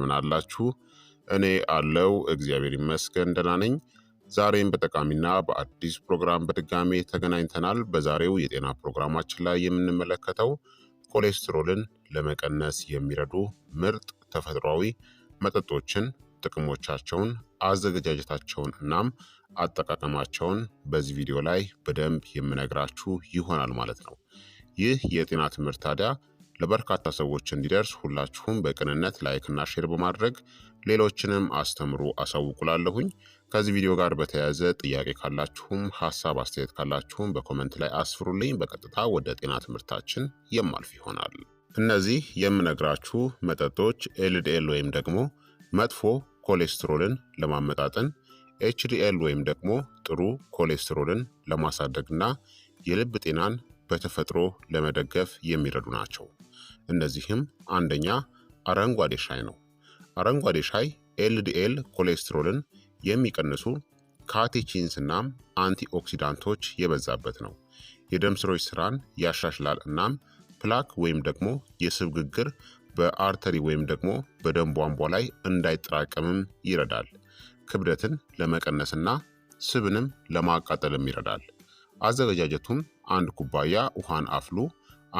ምን አላችሁ? እኔ አለው እግዚአብሔር ይመስገን ደህና ነኝ። ዛሬም በጠቃሚና በአዲስ ፕሮግራም በድጋሜ ተገናኝተናል። በዛሬው የጤና ፕሮግራማችን ላይ የምንመለከተው ኮሌስትሮልን ለመቀነስ የሚረዱ ምርጥ ተፈጥሯዊ መጠጦችን፣ ጥቅሞቻቸውን፣ አዘገጃጀታቸውን እናም አጠቃቀማቸውን በዚህ ቪዲዮ ላይ በደንብ የምነግራችሁ ይሆናል ማለት ነው። ይህ የጤና ትምህርት ታዲያ ለበርካታ ሰዎች እንዲደርስ ሁላችሁም በቅንነት ላይክና ሼር በማድረግ ሌሎችንም አስተምሩ አሳውቁላለሁኝ። ከዚህ ቪዲዮ ጋር በተያያዘ ጥያቄ ካላችሁም ሀሳብ አስተያየት ካላችሁም በኮመንት ላይ አስፍሩልኝ። በቀጥታ ወደ ጤና ትምህርታችን የማልፍ ይሆናል። እነዚህ የምነግራችሁ መጠጦች ኤልዲኤል ወይም ደግሞ መጥፎ ኮሌስትሮልን ለማመጣጠን ኤችዲኤል ወይም ደግሞ ጥሩ ኮሌስትሮልን ለማሳደግና የልብ ጤናን በተፈጥሮ ለመደገፍ የሚረዱ ናቸው። እነዚህም አንደኛ አረንጓዴ ሻይ ነው። አረንጓዴ ሻይ ኤልዲኤል ኮሌስትሮልን የሚቀንሱ ካቴቺንስ እናም አንቲኦክሲዳንቶች የበዛበት ነው። የደም ስሮች ስራን ያሻሽላል እናም ፕላክ ወይም ደግሞ የስብ ግግር በአርተሪ ወይም ደግሞ በደም ቧንቧ ላይ እንዳይጠራቀምም ይረዳል። ክብደትን ለመቀነስና ስብንም ለማቃጠልም ይረዳል። አዘገጃጀቱም አንድ ኩባያ ውሃን አፍሉ፣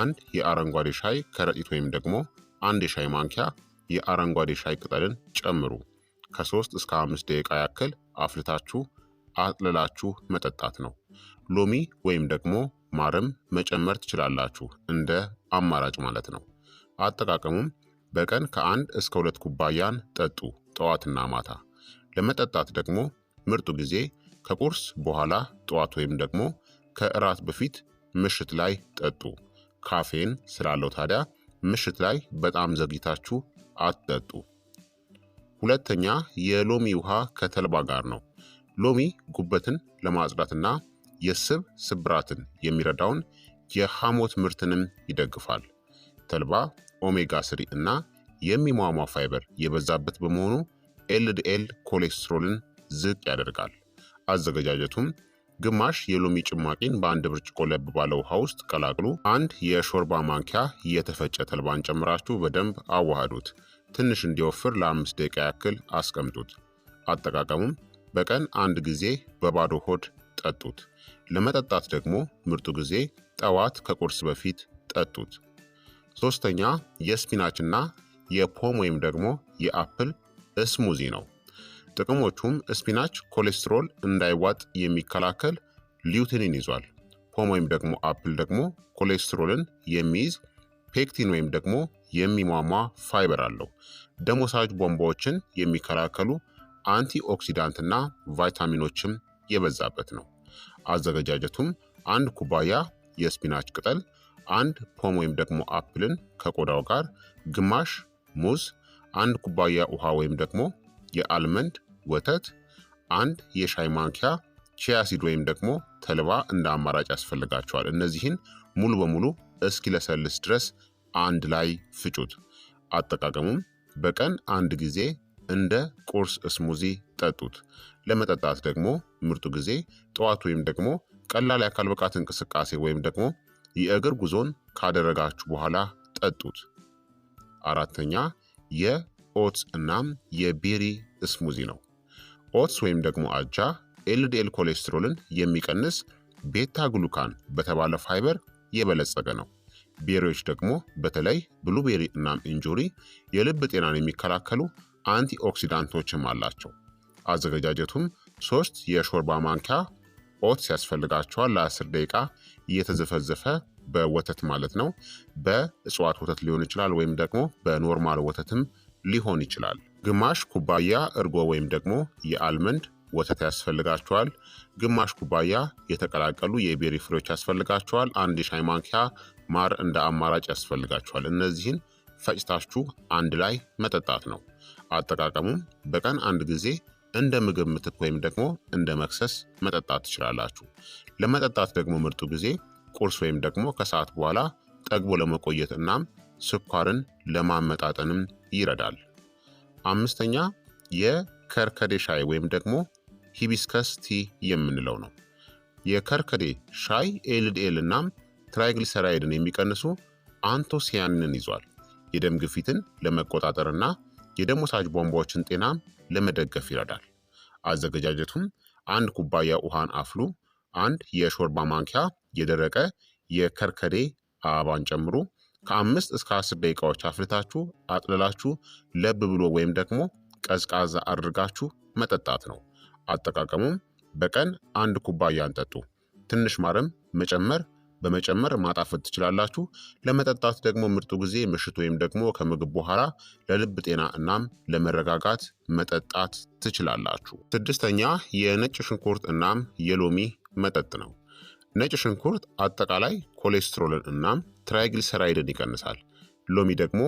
አንድ የአረንጓዴ ሻይ ከረጢት ወይም ደግሞ አንድ የሻይ ማንኪያ የአረንጓዴ ሻይ ቅጠልን ጨምሩ። ከሶስት እስከ አምስት ደቂቃ ያክል አፍልታችሁ አጥልላችሁ መጠጣት ነው። ሎሚ ወይም ደግሞ ማርም መጨመር ትችላላችሁ፣ እንደ አማራጭ ማለት ነው። አጠቃቀሙም በቀን ከአንድ እስከ ሁለት ኩባያን ጠጡ፣ ጠዋትና ማታ። ለመጠጣት ደግሞ ምርጡ ጊዜ ከቁርስ በኋላ ጠዋት ወይም ደግሞ ከእራት በፊት ምሽት ላይ ጠጡ። ካፌን ስላለው ታዲያ ምሽት ላይ በጣም ዘግይታችሁ አትጠጡ። ሁለተኛ የሎሚ ውሃ ከተልባ ጋር ነው። ሎሚ ጉበትን ለማጽዳትና የስብ ስብራትን የሚረዳውን የሐሞት ምርትንም ይደግፋል። ተልባ ኦሜጋ ስሪ እና የሚሟሟ ፋይበር የበዛበት በመሆኑ ኤልዲኤል ኮሌስትሮልን ዝቅ ያደርጋል። አዘገጃጀቱም ግማሽ የሎሚ ጭማቂን በአንድ ብርጭቆ ለብ ባለ ውሃ ውስጥ ቀላቅሉ። አንድ የሾርባ ማንኪያ የተፈጨ ተልባን ጨምራችሁ በደንብ አዋህዱት። ትንሽ እንዲወፍር ለአምስት ደቂቃ ያክል አስቀምጡት። አጠቃቀሙም በቀን አንድ ጊዜ በባዶ ሆድ ጠጡት። ለመጠጣት ደግሞ ምርጡ ጊዜ ጠዋት ከቁርስ በፊት ጠጡት። ሶስተኛ የስፒናችና የፖም ወይም ደግሞ የአፕል እስሙዚ ነው። ጥቅሞቹም ስፒናች ኮሌስትሮል እንዳይዋጥ የሚከላከል ሊዩቴኒን ይዟል። ፖም ወይም ደግሞ አፕል ደግሞ ኮሌስትሮልን የሚይዝ ፔክቲን ወይም ደግሞ የሚሟሟ ፋይበር አለው። ደም ወሳጅ ቧንቧዎችን የሚከላከሉ አንቲ ኦክሲዳንትና ቫይታሚኖችም የበዛበት ነው። አዘገጃጀቱም አንድ ኩባያ የስፒናች ቅጠል፣ አንድ ፖም ወይም ደግሞ አፕልን ከቆዳው ጋር፣ ግማሽ ሙዝ፣ አንድ ኩባያ ውሃ ወይም ደግሞ የአልመንድ ወተት፣ አንድ የሻይ ማንኪያ ቺያሲድ ወይም ደግሞ ተልባ እንደ አማራጭ ያስፈልጋቸዋል። እነዚህን ሙሉ በሙሉ እስኪለሰልስ ድረስ አንድ ላይ ፍጩት። አጠቃቀሙም በቀን አንድ ጊዜ እንደ ቁርስ እስሙዚ ጠጡት። ለመጠጣት ደግሞ ምርጡ ጊዜ ጠዋት ወይም ደግሞ ቀላል የአካል ብቃት እንቅስቃሴ ወይም ደግሞ የእግር ጉዞን ካደረጋችሁ በኋላ ጠጡት። አራተኛ የኦትስ እናም የቤሪ እስሙዚ ነው። ኦትስ ወይም ደግሞ አጃ ኤልዲኤል ኮሌስትሮልን የሚቀንስ ቤታ ግሉካን በተባለ ፋይበር የበለጸገ ነው። ቤሪዎች ደግሞ በተለይ ብሉቤሪ እናም እንጆሪ የልብ ጤናን የሚከላከሉ አንቲኦክሲዳንቶችም አላቸው። አዘገጃጀቱም ሶስት የሾርባ ማንኪያ ኦትስ ያስፈልጋቸዋል። ለ10 ደቂቃ እየተዘፈዘፈ በወተት ማለት ነው። በእጽዋት ወተት ሊሆን ይችላል፣ ወይም ደግሞ በኖርማል ወተትም ሊሆን ይችላል። ግማሽ ኩባያ እርጎ ወይም ደግሞ የአልመንድ ወተት ያስፈልጋቸዋል ግማሽ ኩባያ የተቀላቀሉ የቤሪ ፍሬዎች ያስፈልጋቸዋል። አንድ የሻይ ማንኪያ ማር እንደ አማራጭ ያስፈልጋቸዋል እነዚህን ፈጭታችሁ አንድ ላይ መጠጣት ነው። አጠቃቀሙም በቀን አንድ ጊዜ እንደ ምግብ ምትክ ወይም ደግሞ እንደ መክሰስ መጠጣት ትችላላችሁ። ለመጠጣት ደግሞ ምርጡ ጊዜ ቁርስ ወይም ደግሞ ከሰዓት በኋላ ጠግቦ ለመቆየት እናም ስኳርን ለማመጣጠንም ይረዳል። አምስተኛ የከርከዴ ሻይ ወይም ደግሞ ሂቢስከስ ቲ የምንለው ነው። የከርከዴ ሻይ ኤልዲኤል እናም ትራይግሊሰራይድን የሚቀንሱ አንቶሲያንን ይዟል። የደም ግፊትን ለመቆጣጠርና የደም ወሳጅ ቧንቧዎችን ጤናም ለመደገፍ ይረዳል። አዘገጃጀቱም አንድ ኩባያ ውሃን አፍሉ፣ አንድ የሾርባ ማንኪያ የደረቀ የከርከዴ አበባን ጨምሩ፣ ከአምስት እስከ አስር ደቂቃዎች አፍልታችሁ አጥልላችሁ ለብ ብሎ ወይም ደግሞ ቀዝቃዛ አድርጋችሁ መጠጣት ነው። አጠቃቀሙም በቀን አንድ ኩባያን ጠጡ። ትንሽ ማርም መጨመር በመጨመር ማጣፈጥ ትችላላችሁ። ለመጠጣት ደግሞ ምርጡ ጊዜ ምሽት ወይም ደግሞ ከምግብ በኋላ ለልብ ጤና እናም ለመረጋጋት መጠጣት ትችላላችሁ። ስድስተኛ የነጭ ሽንኩርት እናም የሎሚ መጠጥ ነው። ነጭ ሽንኩርት አጠቃላይ ኮሌስትሮልን እናም ትራይግሊሰራይድን ይቀንሳል። ሎሚ ደግሞ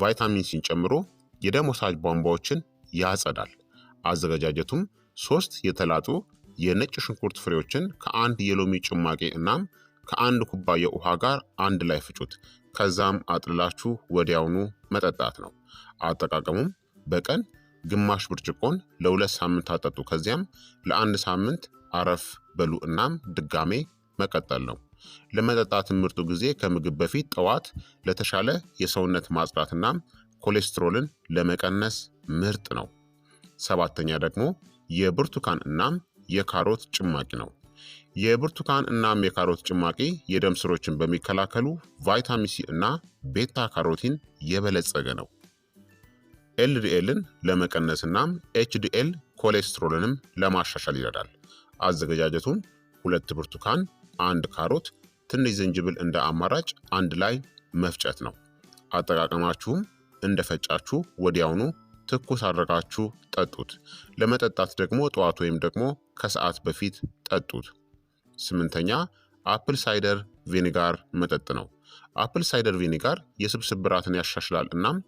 ቫይታሚን ሲን ጨምሮ የደም ወሳጅ ቧንቧዎችን ያጸዳል። አዘገጃጀቱም ሶስት የተላጡ የነጭ ሽንኩርት ፍሬዎችን ከአንድ የሎሚ ጭማቂ እናም ከአንድ ኩባያ ውሃ ጋር አንድ ላይ ፍጩት። ከዛም አጥልላችሁ ወዲያውኑ መጠጣት ነው። አጠቃቀሙም በቀን ግማሽ ብርጭቆን ለሁለት ሳምንት አጠጡ። ከዚያም ለአንድ ሳምንት አረፍ በሉ እናም ድጋሜ መቀጠል ነው። ለመጠጣት ምርጡ ጊዜ ከምግብ በፊት ጠዋት ለተሻለ የሰውነት ማጽዳትና ኮሌስትሮልን ለመቀነስ ምርጥ ነው። ሰባተኛ ደግሞ የብርቱካን እናም የካሮት ጭማቂ ነው። የብርቱካን እናም የካሮት ጭማቂ የደም ስሮችን በሚከላከሉ ቫይታሚን ሲ እና ቤታ ካሮቲን የበለጸገ ነው። ኤልዲኤልን ለመቀነስ እናም ኤችዲኤል ኮሌስትሮልንም ለማሻሻል ይረዳል። አዘገጃጀቱም ሁለት ብርቱካን አንድ ካሮት፣ ትንሽ ዝንጅብል እንደ አማራጭ አንድ ላይ መፍጨት ነው። አጠቃቀማችሁም እንደፈጫችሁ ወዲያውኑ ትኩስ አድርጋችሁ ጠጡት። ለመጠጣት ደግሞ ጠዋት ወይም ደግሞ ከሰዓት በፊት ጠጡት። ስምንተኛ አፕል ሳይደር ቪኒጋር መጠጥ ነው። አፕል ሳይደር ቪኒጋር የስብ ስብራትን ያሻሽላል እናም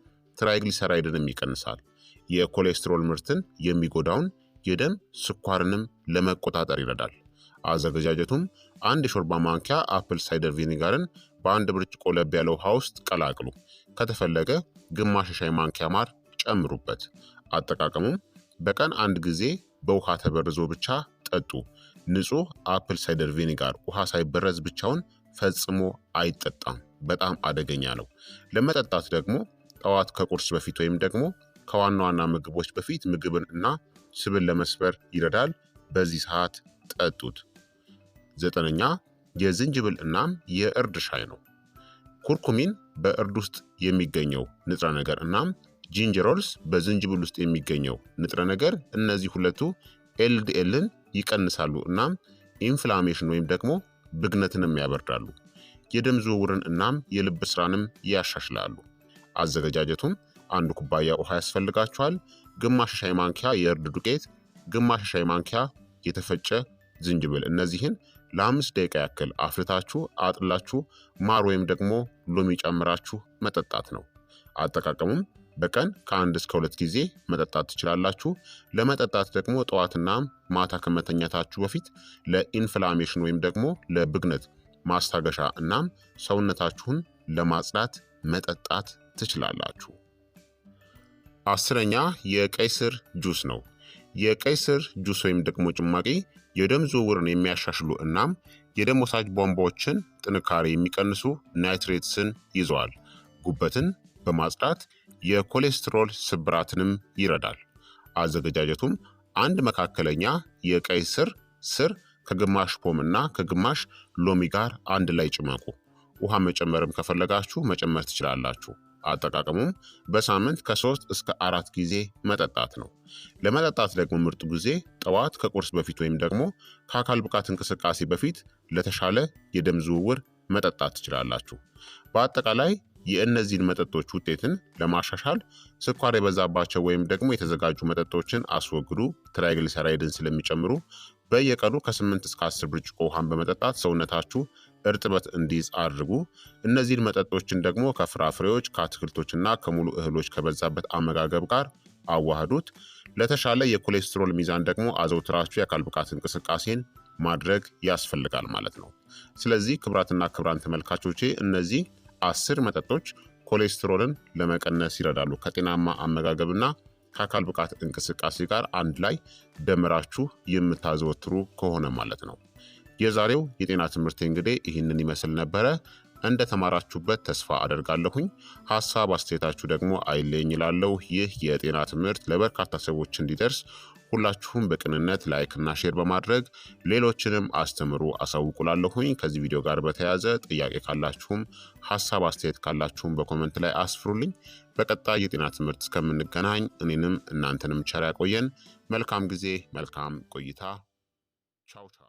ትራይግሊሰራይድንም ይቀንሳል። የኮሌስትሮል ምርትን የሚጎዳውን የደም ስኳርንም ለመቆጣጠር ይረዳል። አዘገጃጀቱም አንድ የሾርባ ማንኪያ አፕል ሳይደር ቪኒጋርን በአንድ ብርጭቆ ለብ ያለ ውሃ ውስጥ ቀላቅሉ። ከተፈለገ ግማሽ የሻይ ማንኪያ ማር ጨምሩበት። አጠቃቀሙም በቀን አንድ ጊዜ በውሃ ተበርዞ ብቻ ጠጡ። ንጹህ አፕል ሳይደር ቪኒጋር ውሃ ሳይበረዝ ብቻውን ፈጽሞ አይጠጣም። በጣም አደገኛ ነው። ለመጠጣት ደግሞ ጠዋት ከቁርስ በፊት ወይም ደግሞ ከዋና ዋና ምግቦች በፊት ምግብን እና ስብን ለመስበር ይረዳል። በዚህ ሰዓት ጠጡት። ዘጠነኛ የዝንጅብል እናም የእርድ ሻይ ነው። ኩርኩሚን በእርድ ውስጥ የሚገኘው ንጥረ ነገር እናም ጂንጀሮልስ በዝንጅብል ውስጥ የሚገኘው ንጥረ ነገር እነዚህ ሁለቱ ኤልዲኤልን ይቀንሳሉ እናም ኢንፍላሜሽን ወይም ደግሞ ብግነትንም ያበርዳሉ። የደም ዝውውርን እናም የልብ ስራንም ያሻሽላሉ። አዘገጃጀቱም አንድ ኩባያ ውሃ ያስፈልጋቸዋል ግማሽ ሻይ ማንኪያ የእርድ ዱቄት፣ ግማሽ ሻይ ማንኪያ የተፈጨ ዝንጅብል። እነዚህን ለአምስት ደቂቃ ያክል አፍልታችሁ አጥላችሁ ማር ወይም ደግሞ ሎሚ ጨምራችሁ መጠጣት ነው። አጠቃቀሙም በቀን ከአንድ እስከ ሁለት ጊዜ መጠጣት ትችላላችሁ። ለመጠጣት ደግሞ ጠዋትና ማታ ከመተኛታችሁ በፊት ለኢንፍላሜሽን ወይም ደግሞ ለብግነት ማስታገሻ እናም ሰውነታችሁን ለማጽዳት መጠጣት ትችላላችሁ። አስረኛ የቀይ ስር ጁስ ነው። የቀይ ስር ጁስ ወይም ደግሞ ጭማቂ የደም ዝውውርን የሚያሻሽሉ እናም የደም ወሳጅ ቧንቧዎችን ጥንካሬ የሚቀንሱ ናይትሬትስን ይዘዋል። ጉበትን በማጽዳት የኮሌስትሮል ስብራትንም ይረዳል። አዘገጃጀቱም አንድ መካከለኛ የቀይ ስር ስር ከግማሽ ፖም እና ከግማሽ ሎሚ ጋር አንድ ላይ ጭመቁ። ውሃ መጨመርም ከፈለጋችሁ መጨመር ትችላላችሁ። አጠቃቀሙም በሳምንት ከሶስት እስከ አራት ጊዜ መጠጣት ነው። ለመጠጣት ደግሞ ምርጡ ጊዜ ጠዋት ከቁርስ በፊት ወይም ደግሞ ከአካል ብቃት እንቅስቃሴ በፊት ለተሻለ የደም ዝውውር መጠጣት ትችላላችሁ። በአጠቃላይ የእነዚህን መጠጦች ውጤትን ለማሻሻል ስኳር የበዛባቸው ወይም ደግሞ የተዘጋጁ መጠጦችን አስወግዱ። ትራይግሊሰራይድን ስለሚጨምሩ በየቀኑ ከ8 እስከ 10 ብርጭቆ ውሃን በመጠጣት ሰውነታችሁ እርጥበት እንዲይዝ አድርጉ። እነዚህን መጠጦችን ደግሞ ከፍራፍሬዎች ከአትክልቶችና ከሙሉ እህሎች ከበዛበት አመጋገብ ጋር አዋህዱት። ለተሻለ የኮሌስትሮል ሚዛን ደግሞ አዘውትራችሁ የአካል ብቃት እንቅስቃሴን ማድረግ ያስፈልጋል ማለት ነው። ስለዚህ ክብራትና ክብራን ተመልካቾቼ እነዚህ አስር መጠጦች ኮሌስትሮልን ለመቀነስ ይረዳሉ። ከጤናማ አመጋገብና ከአካል ብቃት እንቅስቃሴ ጋር አንድ ላይ ደምራችሁ የምታዘወትሩ ከሆነ ማለት ነው። የዛሬው የጤና ትምህርት እንግዲህ ይህንን ይመስል ነበረ። እንደ ተማራችሁበት ተስፋ አደርጋለሁኝ። ሀሳብ አስተያየታችሁ ደግሞ አይለኝ ይላለው። ይህ የጤና ትምህርት ለበርካታ ሰዎች እንዲደርስ ሁላችሁም በቅንነት ላይክ እና ሼር በማድረግ ሌሎችንም አስተምሩ አሳውቁላለሁኝ። ከዚህ ቪዲዮ ጋር በተያያዘ ጥያቄ ካላችሁም ሀሳብ አስተያየት ካላችሁም በኮመንት ላይ አስፍሩልኝ። በቀጣይ የጤና ትምህርት እስከምንገናኝ እኔንም እናንተንም ቸር ያቆየን። መልካም ጊዜ፣ መልካም ቆይታ። ቻው ቻው።